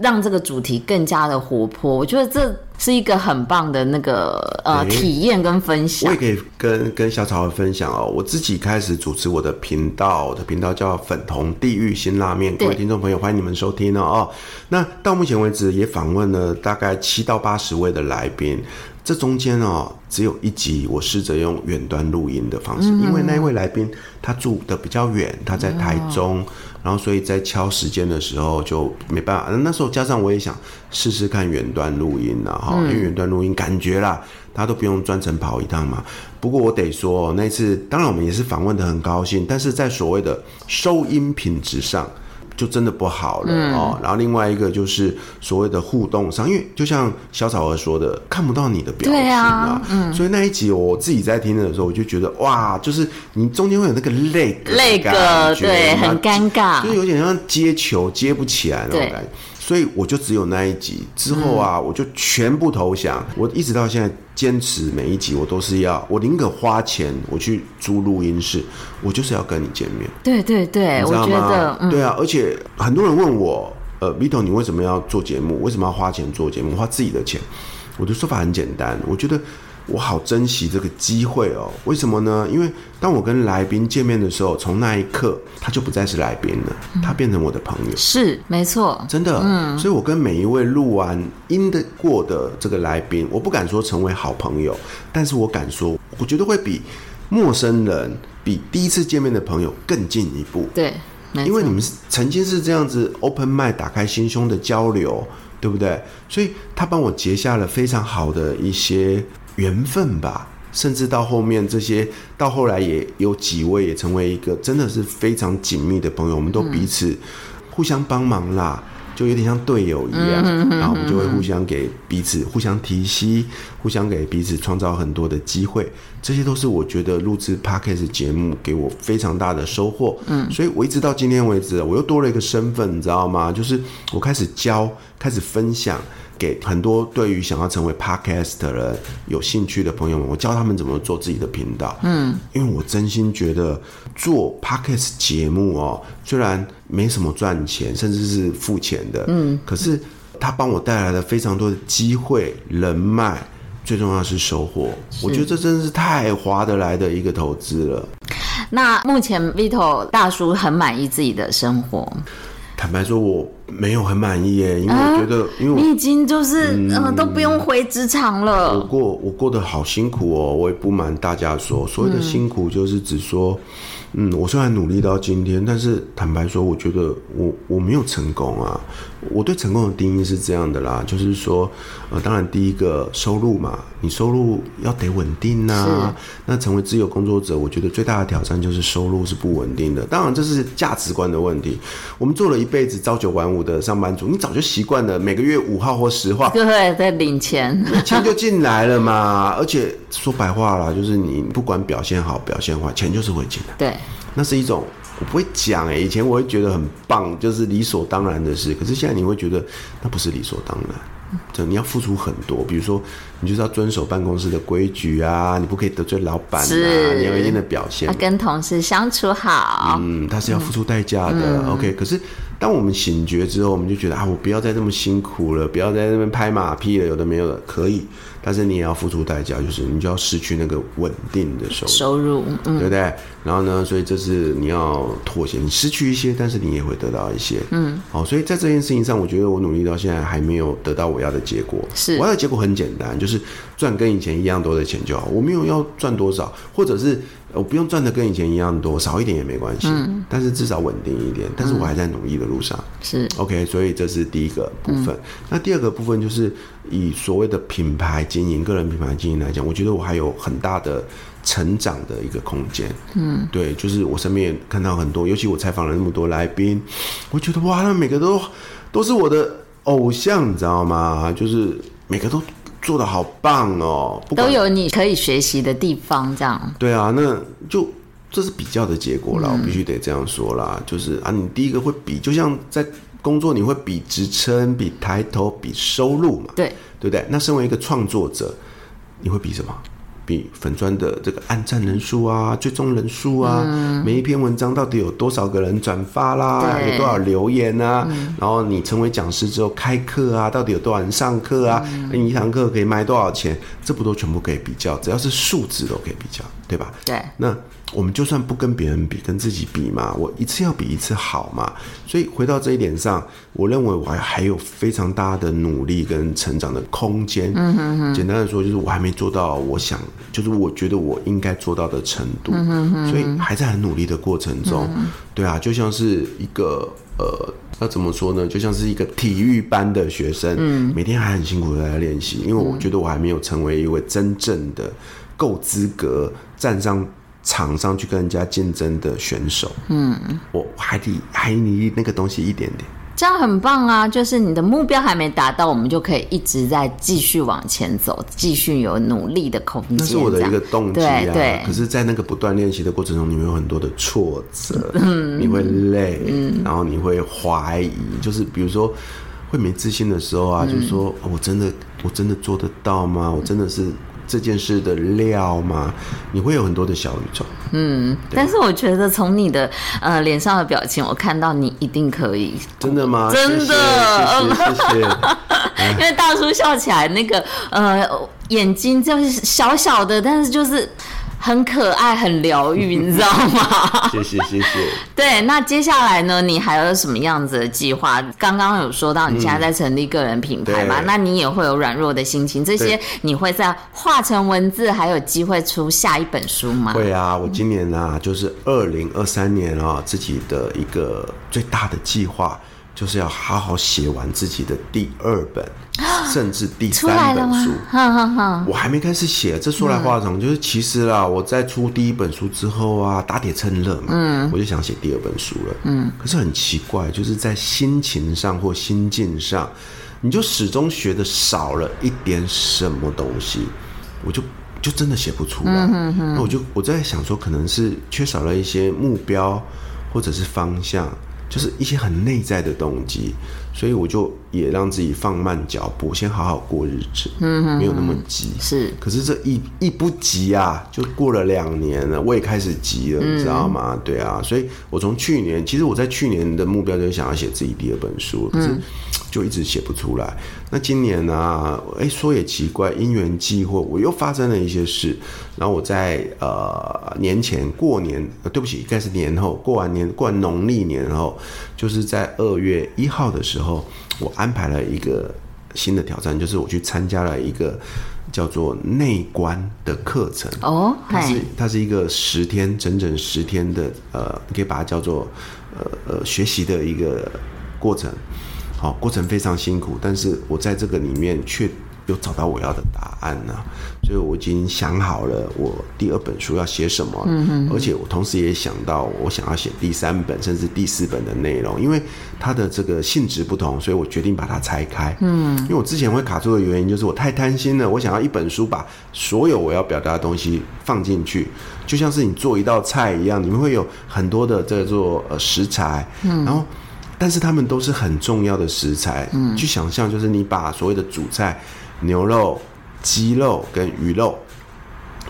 讓這個主題更加的活潑，我覺得這是一個很棒的那個呃體驗跟分享。我也可以跟跟小草分享哦，我自己開始主持我的頻道，我的頻道叫粉紅地獄辛辣麵，各位聽眾朋友歡迎你們收聽哦，哦。那到目前為止也訪問了大概七到八十位的來賓，這中間哦只有一集我試着用遠端錄音的方式，嗯，因為那一位來賓他住的比較遠，他在台中。嗯然後，所以在敲時間的時候就沒辦法。那那時候加上我也想試試看遠端錄音了哈，因為遠端錄音感覺啦，他都不用專程跑一趟嘛。不過我得說，那次當然我們也是訪問得很高興，但是在所謂的收音品質上。就真的不好了、嗯、哦。然後另外一個就是所謂的互動上，因為就像小草兒說的，看不到你的表情啊,對啊，嗯，所以那一集我自己在聽的時候，我就覺得哇，就是你中間會有那個 lag 的感覺, lag, 對，很尷尬，就有點像接球接不起來那種感覺。對所以我就只有那一集之後啊，我就全部投降。嗯、我一直到現在堅持每一集，我都是要我寧可花錢我去租錄音室，我就是要跟你見面。對對對，你知道嗎？我覺得、嗯、對啊，而且很多人問我，呃，Vito，你為什麼要做節目？為什麼要花錢做節目？花自己的錢？我的說法很簡單，我覺得。我好珍惜這個機會哦，為什麼呢？因為當我跟來賓見面的時候，從那一刻他就不再是來賓了，他變成我的朋友。嗯、是，沒錯，真的。嗯，所以我跟每一位錄完音的過的這個來賓，我不敢說成為好朋友，但是我敢說，我覺得會比陌生人、比第一次見面的朋友更進一步。對，因為你們是曾經是這樣子 open mind、打開心胸的交流，對不對？所以他幫我結下了非常好的一些。緣分吧，甚至到後面這些，到後來也有幾位也成為一個真的是非常緊密的朋友，我們都彼此互相幫忙啦，就有點像隊友一樣，然後我們就會互相給彼此互相提攜，互相給彼此創造很多的機會，這些都是我覺得錄制 Podcast 節目給我非常大的收穫。嗯，所以我一直到今天為止，我又多了一個身份，你知道嗎？就是我開始教，開始分享。給很多對於想要成為 Podcast 的人有興趣的朋友們，我教他們怎麼做自己的頻道。嗯，因為我真心覺得做 Podcast 節目哦，雖然沒什麼賺錢，甚至是付錢的，嗯，可是它幫我帶來了非常多的機會、人脈，最重要的是收穫是。我覺得這真的是太划得來的一個投資了。那目前 Vito 大叔很滿意自己的生活。坦白說，我沒有很滿意耶、欸，因為我覺得，啊、因為我你已經就是嗯，都不用回職場了。我過我過得好辛苦哦，我也不瞞大家說，所謂的辛苦就是指說嗯，嗯，我雖然努力到今天，但是坦白說，我覺得我我沒有成功啊。我對成功的定義是這樣的啦，就是說，呃，當然第一個收入嘛，你收入要得穩定吶、啊。那成為自由工作者，我覺得最大的挑戰就是收入是不穩定的。當然這是價值觀的問題。我們做了一輩子朝九晚五的上班族，你早就習慣了每個月五號或十號，對，在領錢，錢就進來了嘛。而且說白話啦，就是你不管表現好表現壞，錢就是會進來。對，那是一種。我不會講誒、欸，以前我會覺得很棒，就是理所當然的事。可是現在你會覺得，那不是理所當然，對，你要付出很多。比如說，你就是要遵守辦公室的規矩啊，你不可以得罪老闆啊，你要有一定的表現，跟同事相處好。嗯，他是要付出代價的、嗯。OK，可是當我們醒覺之後，我們就覺得啊，我不要再這麼辛苦了，不要在那邊拍馬屁了，有的沒有的，可以。但是你也要付出代價，就是你就要失去那個穩定的收入，收入、嗯，對不對？然後呢，所以這是你要妥協，你失去一些，但是你也會得到一些，嗯。好、哦，所以在這件事情上，我覺得我努力到現在還沒有得到我要的結果。是，我要的結果很簡單，就是賺跟以前一樣多的錢就好。我沒有要賺多少，或者是我不用賺的跟以前一樣多，少一點也沒關係。嗯。但是至少穩定一點。但是我還在努力的路上。嗯、是，OK。所以這是第一個部分。嗯、那第二個部分就是。以所謂的品牌經營、個人品牌經營來講，我覺得我還有很大的成長的一個空間。嗯，對，就是我身邊也看到很多，尤其我採訪了那麼多來賓，我覺得哇，那每個都都是我的偶像，你知道嗎？就是每個都做得好棒哦，都有你可以學習的地方。這樣，對啊，那就這是比較的結果啦，嗯、我必須得這樣說啦。就是啊，你第一個會比，就像在。工作你會比職稱、比抬頭、比收入嘛？對，對不對？那身為一個創作者，你會比什麼？比粉專的這個按讚人數啊、追蹤人數啊、嗯，每一篇文章到底有多少個人轉發啦，有多少留言啊、嗯？然後你成為講師之後開課啊，到底有多少人上課啊？嗯、你一堂課可以賣多少錢？這不都全部可以比較，只要是數字都可以比較，對吧？對，那。我們就算不跟別人比，跟自己比嘛，我一次要比一次好嘛。所以回到這一點上，我認為我還有非常大的努力跟成長的空間。嗯哼哼。簡單的說，就是我還沒做到我想，就是我覺得我應該做到的程度，嗯哼哼。所以還在很努力的過程中。嗯哼哼。對啊，就像是一個呃，要怎麼說呢？就像是一個體育班的學生，嗯，每天還很辛苦的在練習，因為我覺得我還沒有成為一位真正的夠資格站上。場上去跟人家競爭的選手，嗯，我還離還離那個東西一點點，這樣很棒啊！就是你的目標還沒達到，我們就可以一直在繼續往前走，繼續有努力的空間、嗯。那是我的一個動機、啊，對對。可是，在那個不斷練習的過程中，你會有很多的挫折，嗯，你會累，嗯，然後你會懷疑、嗯，就是比如說會沒自信的時候啊、嗯，就是說：“我真的，我真的做得到嗎？嗯、我真的是。”這件事的料嗎？你會有很多的小宇宙。嗯，但是我覺得從你的呃臉上的表情，我看到你一定可以。真的嗎？真的，謝謝，謝謝。 謝謝謝謝 啊、因為大叔笑起來那個呃眼睛就是小小的，但是就是。很可愛，很療癒，你知道嗎？ 謝謝謝謝 。對，那接下來呢？你還有什麼樣子的計劃？剛剛有說到你現在在成立個人品牌嘛？嗯、那你也會有軟弱的心情，這些你會在化成文字，還有機會出下一本書嗎？對會啊，我今年呢、啊，就是二零二三年啊，自己的一個最大的計劃。就是要好好寫完自己的第二本，啊、甚至第三本書。呵呵呵我還沒開始寫。這說來話長、啊嗯，就是其實啦，我在出第一本書之後啊，打鐵趁熱嘛，嗯，我就想寫第二本書了。嗯，可是很奇怪，就是在心情上或心境上，你就始終學得少了一點什麼東西，我就就真的寫不出來、嗯哼哼。那我就我在想說，可能是缺少了一些目標或者是方向。就是一些很內在的動機，所以我就。也讓自己放慢腳步，先好好過日子，嗯哼哼，沒有那麼急是。可是這一一不急啊，就過了兩年了，我也開始急了、嗯，你知道嗎？對啊，所以，我從去年其實我在去年的目標就是想要寫自己第二本書，可是就一直寫不出來。嗯、那今年呢、啊？哎、欸，說也奇怪，因緣際會，我又發生了一些事。然後我在呃年前過年、呃，對不起，應該是年後過完年過完農曆年後，就是在二月一號的時候。我安排了一個新的挑戰，就是我去參加了一個叫做內觀的課程。哦、oh, hey.，它是它是一個十天整整十天的呃，你可以把它叫做呃呃學習的一個過程。好、哦，過程非常辛苦，但是我在這個裡面卻。又找到我要的答案了，所以我已經想好了我第二本書要寫什麼，嗯嗯，而且我同時也想到我想要寫第三本甚至第四本的內容，因為它的這個性質不同，所以我決定把它拆開，嗯，因為我之前會卡住的原因就是我太貪心了，我想要一本書把所有我要表達的東西放進去，就像是你做一道菜一樣，你們會有很多的這個做，呃，食材，嗯，然後但是他們都是很重要的食材，嗯，去想象就是你把所謂的主菜。牛肉、雞肉跟魚肉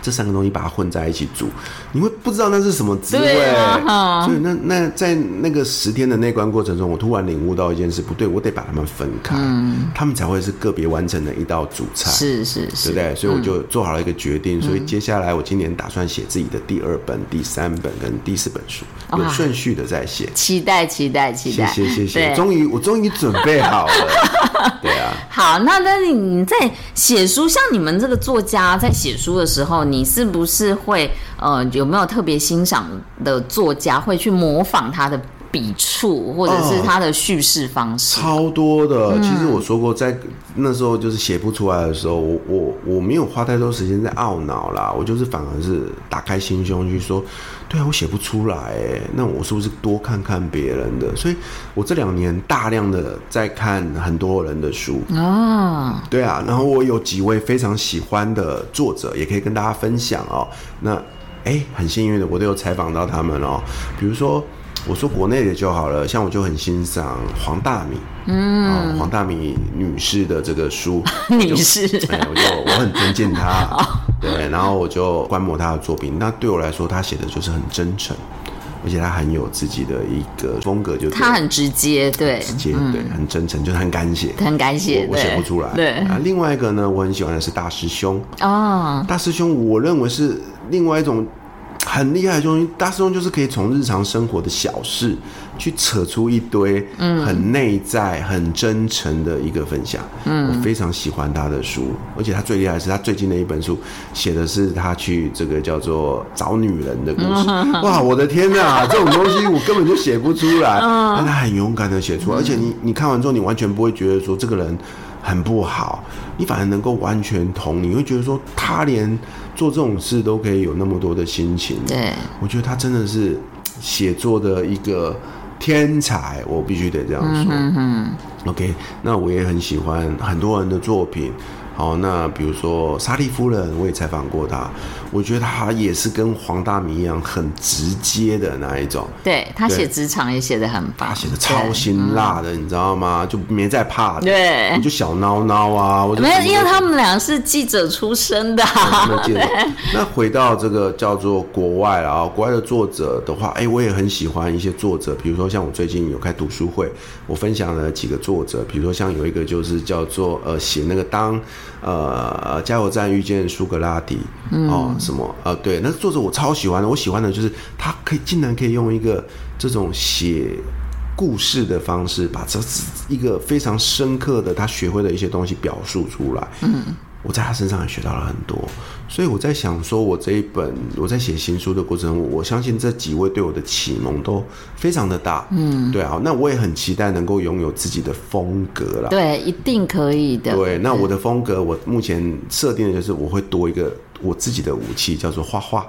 這三個東西，把它混在一起煮。你會不知道那是什麼滋味、啊哦，所以那那在那個十天的內觀過程中，我突然領悟到一件事，不對，我得把它們分開、嗯，他們才會是個別完成的一道主菜，是,是是，對不對？所以我就做好了一個決定，嗯、所以接下來我今年打算寫自己的第二本、第三本跟第四本書，嗯、有順序的在寫、哦，期待期待期待，謝謝謝謝，啊、終於我終於準備好了， 對啊，好，那那你你在寫書，像你們這個作家在寫書的時候，你是不是會呃？有沒有特別欣賞的作家會去模仿他的筆觸，或者是他的敘事方式？啊，超多的。其實我說過，在那時候就是寫不出來的時候，嗯。我我我沒有花太多時間在懊惱啦，我就是反而是打開心胸去說，對啊，我寫不出來欸，哎，那我是不是多看看別人的？所以我這兩年大量的在看很多人的書啊。對啊，然後我有幾位非常喜歡的作者，也可以跟大家分享哦。那哎、欸，很幸運的，我都有採訪到他們哦、喔。比如說，我說國內的就好了，像我就很欣賞黃大米，嗯、哦，黃大米女士的這個書，女士，我就我很尊敬她，對，然後我就觀摩她的作品。那對我來說，她寫的就是很真誠。而且他很有自己的一個風格就，就他很直接，對，很直接對、嗯，很真誠，就是很敢寫，很敢寫，我寫不出來。對，對、啊，另外一個呢，我很喜歡的是大師兄啊、哦，大師兄，我認為是另外一種很厲害的東西。大師兄就是可以從日常生活的小事，去扯出一堆很內在、很真誠的一個分享，嗯，我非常喜歡他的書，而且他最厲害的是，他最近的一本書寫的是他去這個叫做找女人的故事。哇，我的天哪，啊，這種東西我根本就寫不出來，但他很勇敢的寫出來，而且你你看完之後，你完全不會覺得說這個人很不好，你反而能夠完全同理，你會覺得說他連做這種事都可以有那麼多的心情。對，我覺得他真的是寫作的一個。天才，我必須得這樣說。嗯嗯嗯。OK，那我也很喜歡很多人的作品。哦，那比如說莎莉夫人，我也採訪過她，我覺得她也是跟黃大米一樣很直接的那一種。對，她寫職場也寫得很棒，她寫得超辛辣的，你知道嗎？就沒在怕的，對，我就小孬孬啊。沒有，因為他們倆是記者出身的，啊嗯那。那回到這個叫做國外啊，國外的作者的話，哎、欸，我也很喜歡一些作者，比如說像我最近有開讀書會，我分享了幾個作者，比如說像有一個就是叫做呃寫那個當。呃呃，加油站遇見蘇格拉底。嗯，哦，什麼？呃，對，那作者我超喜歡的，我喜歡的就是他可以竟然可以用一個這種寫故事的方式，把這一個非常深刻的他學會的一些東西表述出來。嗯。我在他身上也學到了很多，所以我在想說，我這一本我在寫新書的過程，我相信這幾位對我的啟蒙都非常的大，嗯，對啊，那我也很期待能夠擁有自己的風格啦，對，一定可以的，對，那我的風格我目前設定的就是我會多一個我自己的武器，叫做畫畫，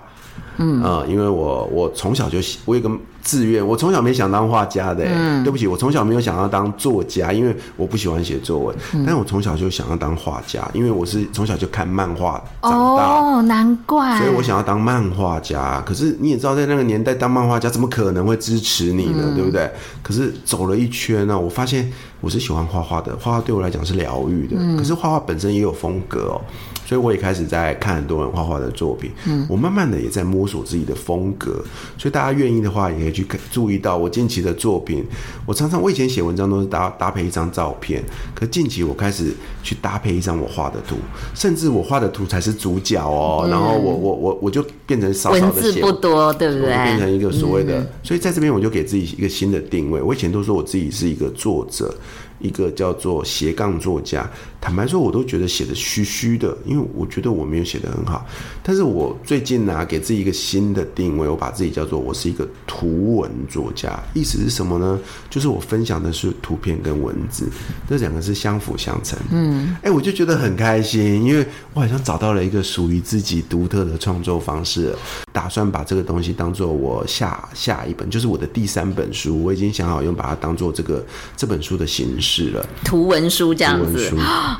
嗯啊，因為我我從小就我有個。自願，我從小沒想當畫家的。欸嗯。對不起，我從小沒有想要當作家，因為我不喜歡寫作文。嗯、但是我從小就想要當畫家，因為我是從小就看漫畫長大。哦，難怪。所以我想要當漫畫家。可是你也知道，在那個年代，當漫畫家怎麼可能會支持你呢？嗯、對不對？可是走了一圈呢，啊，我發現我是喜歡畫畫的。畫畫對我來講是療癒的，嗯。可是畫畫本身也有風格哦。喔。所以我也開始在看很多人畫畫的作品，嗯，我慢慢的也在摸索自己的風格。所以大家願意的話，也可以去注意到我近期的作品。我常常我以前寫文章都是搭搭配一張照片，可近期我開始去搭配一張我畫的圖，甚至我畫的圖才是主角哦。然後我我我我就變成少少的字不多，對不對？變成一個所謂的。所以在這邊我就給自己一個新的定位。我以前都說我自己是一個作者，一個叫做斜槓作家。坦白說，我都覺得寫的虛虛的，因為我覺得我沒有寫得很好。但是我最近呢、啊，給自己一個新的定位，我把自己叫做我是一個圖文作家。意思是什麼呢？就是我分享的是圖片跟文字，這兩個是相輔相成。嗯，哎、欸，我就覺得很開心，因為我好像找到了一個屬於自己獨特的創作方式了。打算把這個東西當做我下下一本，就是我的第三本書。我已經想好用把它當做這個這本書的形式了，圖文書這樣子。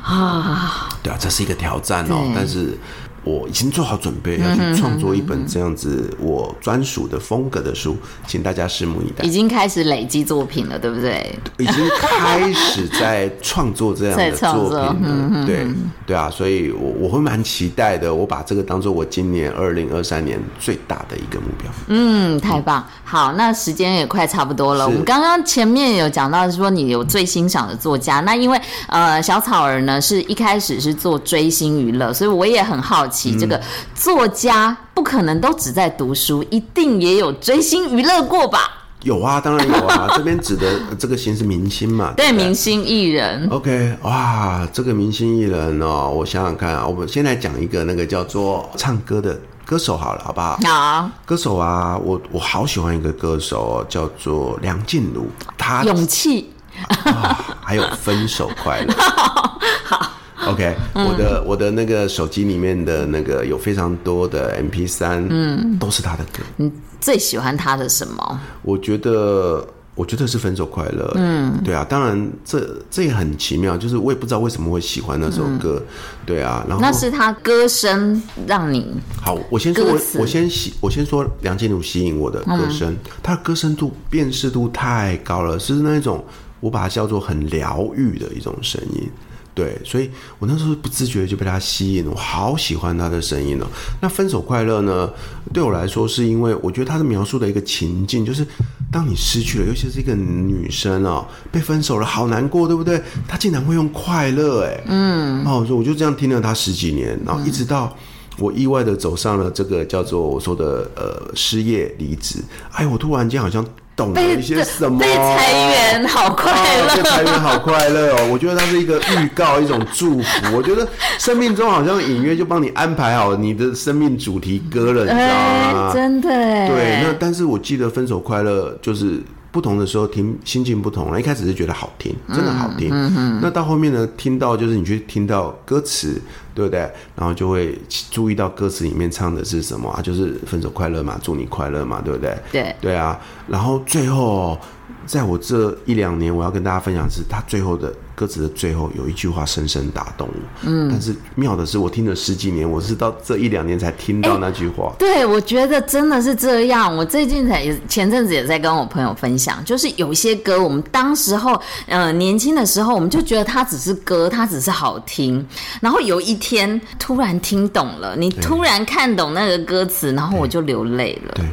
啊， 對啊，這是一個挑戰哦，喔，嗯，但是。我已經做好準備要去創作一本這樣子我專屬的風格的書，嗯哼哼哼，請大家拭目以待。已經開始累積作品了，對不對？已經開始在創作這樣的作品了，嗯哼哼，對，對啊，所以我我會蠻期待的。我把這個當作我今年二零二三年最大的一個目標。嗯，太棒！好，那時間也快差不多了。我們剛剛前面有講到說你有最欣賞的作家，那因為呃小草兒呢是一開始是做追星娛樂，所以我也很好奇。嗯、這個作家不可能都只在讀書，一定也有追星娛樂過吧？有啊，當然有啊。 這邊指的這個星是明星嘛？對,對,對，明星藝人。OK，哇，這個明星藝人哦，我想想看、啊，我們先來講一個那個叫做唱歌的歌手好了，好不好？好、啊，歌手啊，我我好喜歡一個歌手、哦、叫做梁靜茹，她勇氣 、啊，還有分手快樂， 好。好 OK，、嗯、我的我的那個手機裡面的那個有非常多的 MP3，嗯，都是他的歌。你最喜歡他的什麼？我覺得，我覺得是《分手快樂》。嗯，對啊，當然這這也很奇妙，就是我也不知道為什麼會喜歡那首歌。嗯、對啊，然後那是他歌聲讓你好。我先說我，我先吸，我先說梁靜茹吸引我的歌聲、嗯，他歌聲度辨識度太高了，是那一種我把它叫做很療癒的一種聲音。對，所以我那時候不自覺的就被他吸引，我好喜歡他的聲音哦、喔。那《分手快樂》呢？對我來說，是因為我覺得他的描述的一個情境，就是當你失去了，尤其是一個女生哦、喔，被分手了，好難過，對不對？他竟然會用快樂，哎，嗯，哦，所以我就這樣聽了他十幾年，然後一直到我意外的走上了這個叫做我說的呃失業離職，哎，我突然間好像。懂得一些什麼被、啊、裁員好快樂，裁、啊、員好快樂哦！ 我覺得它是一個預告， 一種祝福。我覺得生命中好像隱約就幫你安排好你的生命主題歌了，欸、你知道嗎？真的、欸，對。那但是我記得分手快樂就是。不同的時候聽心情不同了，一開始是覺得好聽，真的好聽。嗯嗯嗯、那到後面呢，聽到就是你去聽到歌詞，對不對？然後就會注意到歌詞裡面唱的是什麼啊，就是分手快樂嘛，祝你快樂嘛，對不對？對對啊。然後最後哦，在我這一兩年，我要跟大家分享的是他最後的。歌詞的最後有一句話深深打動我。嗯，但是妙的是，我聽了十幾年，我是到這一兩年才聽到那句話，欸。對，我覺得真的是這樣。我最近才前陣子也在跟我朋友分享，就是有些歌，我們當時候，呃，年輕的時候，我們就覺得它只是歌，它只是好聽。然後有一天突然聽懂了，你突然看懂那個歌詞，然後我就流淚了。對。對，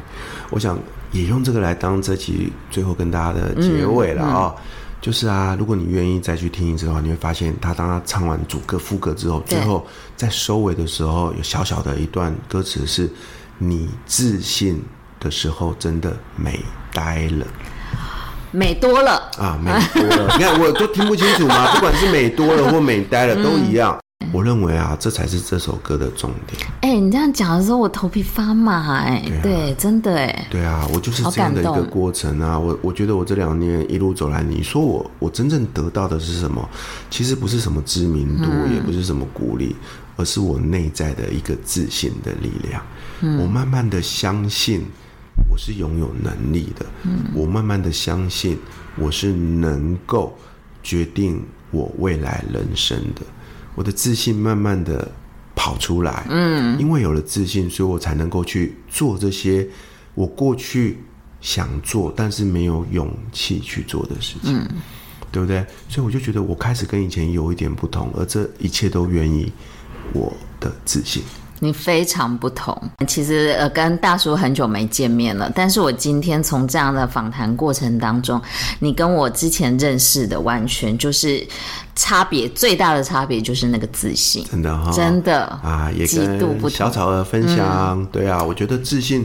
我想也用這個來當這期最後跟大家的結尾了啊，哦。嗯嗯就是啊，如果你願意再去聽一次的話，你會發現他當他唱完主歌、副歌之後，最後在收尾的時候有小小的一段歌詞是：“你自信的時候，真的美呆了。”美多了啊，美多了！ 你看我都聽不清楚嘛，不管是美多了或美呆了，都一樣。嗯。我認為啊，這才是這首歌的重點。哎、欸，你這樣講的時候，我頭皮發麻、欸。哎、啊，對，真的、欸，哎，對啊，我就是這樣的一個過程啊。我我覺得我這兩年一路走來，你說我我真正得到的是什麼？其實不是什麼知名度，嗯、也不是什麼鼓勵，而是我內在的一個自信的力量。嗯，我慢慢的相信我是擁有能力的。嗯，我慢慢的相信我是能夠決定我未來人生的。我的自信慢慢的跑出來，嗯，因為有了自信，所以我才能夠去做這些我過去想做但是沒有勇氣去做的事情，嗯，對不對？所以我就覺得我開始跟以前有一點不同，而這一切都源於我的自信。你非常不同，其實呃、跟大叔很久沒見面了，但是我今天從這樣的訪談過程當中，你跟我之前認識的完全就是差別，最大的差別就是那個自信，真的哈。哦，真的啊，也極度不同。也跟小草兒分享、嗯，對啊，我覺得自信，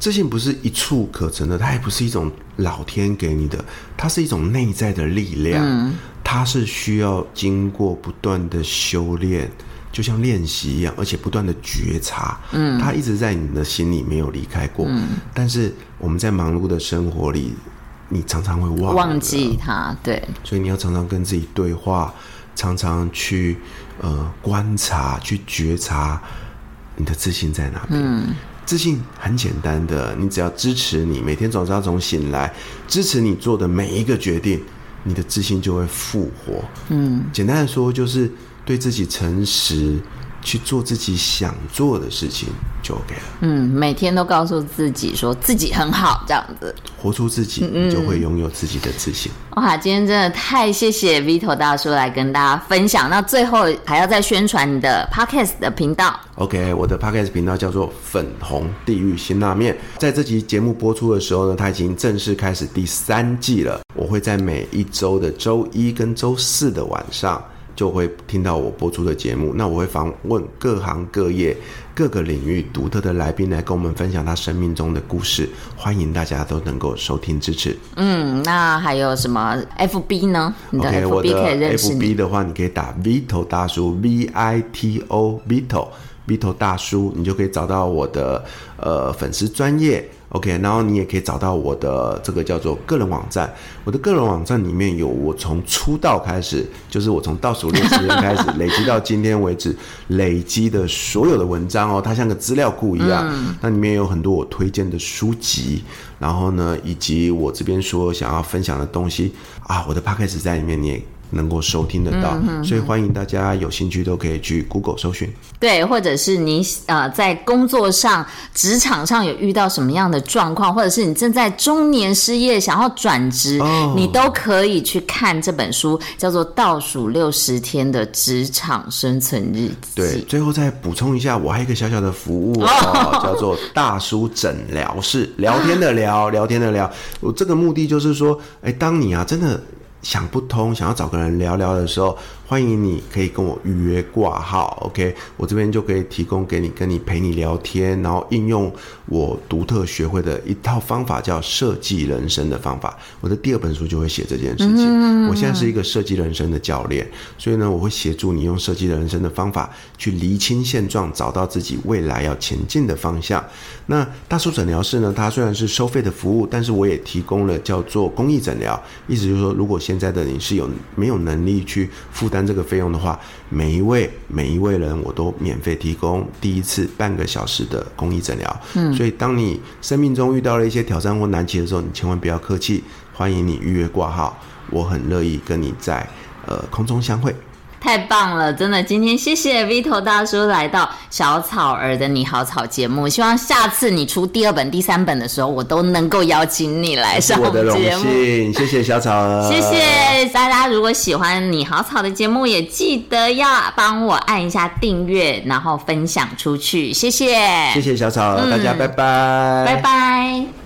自信不是一蹴可成的，它也不是一種老天給你的，它是一種內在的力量，嗯、它是需要經過不斷的修煉。就像練習一樣，而且不斷的覺察，嗯，他一直在你的心裡沒有離開過，嗯，但是我們在忙碌的生活裡，你常常會忘忘記他，對，所以你要常常跟自己對話，常常去呃觀察，去覺察你的自信在哪裡。嗯，自信很簡單的，你只要支持你每天早上從醒來，支持你做的每一個決定，你的自信就會復活。嗯，簡單的說就是。對自己誠實，去做自己想做的事情就 OK 了。嗯，每天都告訴自己說自己很好，這樣子。活出自己，嗯嗯。你就會擁有自己的自信。哇，今天真的太謝謝 Vito 大叔來跟大家分享。那最後還要再宣傳你的 Podcast 的頻道。OK，我的 Podcast 頻道叫做“粉紅地獄辛辣面”。在這集節目播出的時候呢，它已經正式開始第三季了。我會在每一周的周一跟周四的晚上。就會聽到我播出的節目。那我會訪問各行各業、各個領域獨特的來賓，來跟我們分享他生命中的故事。歡迎大家都能夠收聽支持。嗯，那還有什麼 FB 呢？OK，你的 FB okay，我的 FB，可以認識 FB 的話，你可以打 Vito 大叔，V I T O Vito，Vito Vito 大叔，你就可以找到我的呃粉絲專頁。OK，然後你也可以找到我的這個叫做個人網站。我的個人網站裡面有我從出道開始，就是我從倒數六十天開始累積到今天為止 累積的所有的文章哦，它像個資料庫一樣。那、嗯、裡面有很多我推薦的書籍，然後呢，以及我這邊說想要分享的東西啊，我的 Podcast 在裡面你也。能夠收聽得到、嗯哼哼，所以歡迎大家有興趣都可以去 Google 搜尋。對，或者是你呃在工作上、職場上有遇到什麼樣的狀況，或者是你正在中年失業、想要轉職、哦，你都可以去看這本書，叫做《倒數六十天的職場生存日記》。對，最後再補充一下，我還有一個小小的服務、哦哦、叫做“大叔診療室”，聊天的聊、啊，聊天的聊。我這個目的就是說，哎、欸，當你啊真的。想不通，想要找個人聊聊的時候。歡迎你，可以跟我預約掛號，OK，我這邊就可以提供給你，跟你陪你聊天，然後應用我獨特學會的一套方法，叫設計人生的方法。我的第二本書就會寫這件事情。嗯，我現在是一個設計人生的教練，所以呢，我會協助你用設計人生的方法去釐清現狀，找到自己未來要前進的方向。那大叔診療室呢，它雖然是收費的服務，但是我也提供了叫做公益診療，意思就是說，如果現在的你是有沒有能力去負擔。但這個費用的話，每一位每一位人我都免費提供第一次半個小時的公益診療。嗯，所以當你生命中遇到了一些挑戰或難題的時候，你千萬不要客氣，歡迎你預約掛號，我很樂意跟你在呃空中相會。太棒了，真的！今天謝謝 Vito 大叔來到小草兒的你好草節目。希望下次你出第二本、第三本的時候，我都能夠邀請你來上節目，也是我的榮幸。 謝謝小草兒，謝謝大家。如果喜歡你好草的節目，也記得要幫我按一下訂閱，然後分享出去。謝謝，謝謝小草，嗯、大家拜拜，拜拜。